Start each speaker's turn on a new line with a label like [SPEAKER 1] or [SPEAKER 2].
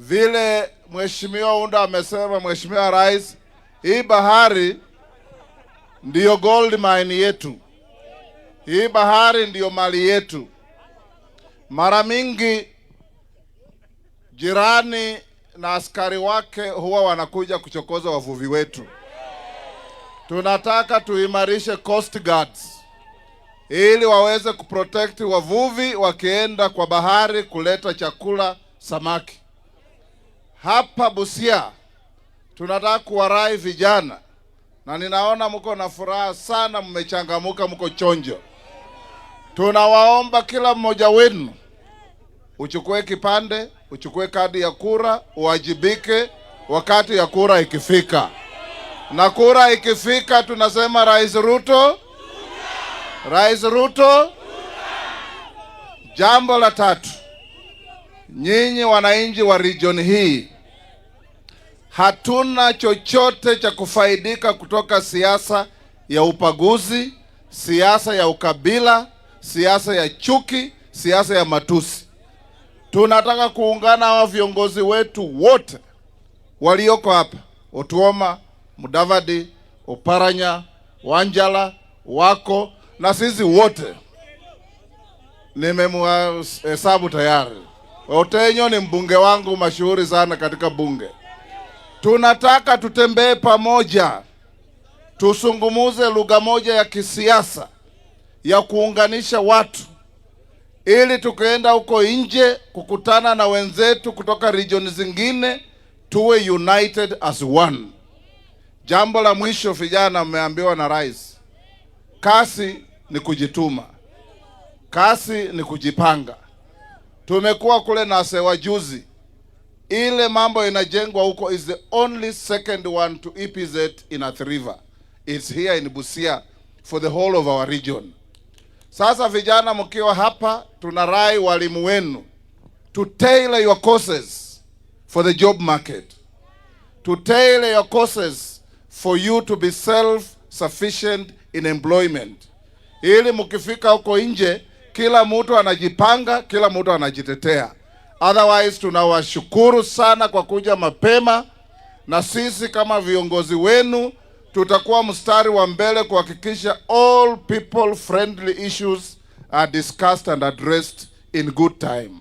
[SPEAKER 1] vile Mheshimiwa Unda amesema, Mheshimiwa Rais, hii bahari ndiyo gold mine yetu, hii bahari ndiyo mali yetu. Mara mingi jirani na askari wake huwa wanakuja kuchokoza wavuvi wetu. Tunataka tuimarishe coast guards ili waweze kuprotect wavuvi wakienda kwa bahari kuleta chakula, samaki. Hapa Busia tunataka kuwarai vijana, na ninaona mko na furaha sana, mmechangamuka, mko chonjo. Tunawaomba kila mmoja wenu uchukue kipande, uchukue kadi ya kura, uwajibike wakati ya kura ikifika. Na kura ikifika, tunasema Rais Ruto, Rais Ruto. Jambo la tatu nyinyi wananchi wa region hii hatuna chochote cha kufaidika kutoka siasa ya upaguzi, siasa ya ukabila, siasa ya chuki, siasa ya matusi. Tunataka kuungana hawa viongozi wetu wote walioko hapa, Otuoma, Mudavadi, Oparanya, Wanjala wako na sisi wote, hesabu tayari. Otenyo ni mbunge wangu mashuhuri sana katika bunge. Tunataka tutembee pamoja, tusungumuze lugha moja ya kisiasa ya kuunganisha watu, ili tukienda huko nje kukutana na wenzetu kutoka region zingine tuwe united as one. Jambo la mwisho, vijana, mmeambiwa na rais, kasi ni kujituma, kasi ni kujipanga. Tumekuwa kule na sewa juzi, ile mambo inajengwa huko is the only second one to EPZ in Athi River. It's here in Busia for the whole of our region. Sasa vijana, mkiwa hapa, tuna rai walimu wenu to tailor your courses for the job market, to tailor your courses for you to be self sufficient in employment, ili mkifika huko nje kila mtu anajipanga, kila mtu anajitetea. Otherwise, tunawashukuru sana kwa kuja mapema, na sisi kama viongozi wenu tutakuwa mstari wa mbele kuhakikisha all people friendly issues are discussed and addressed in good time.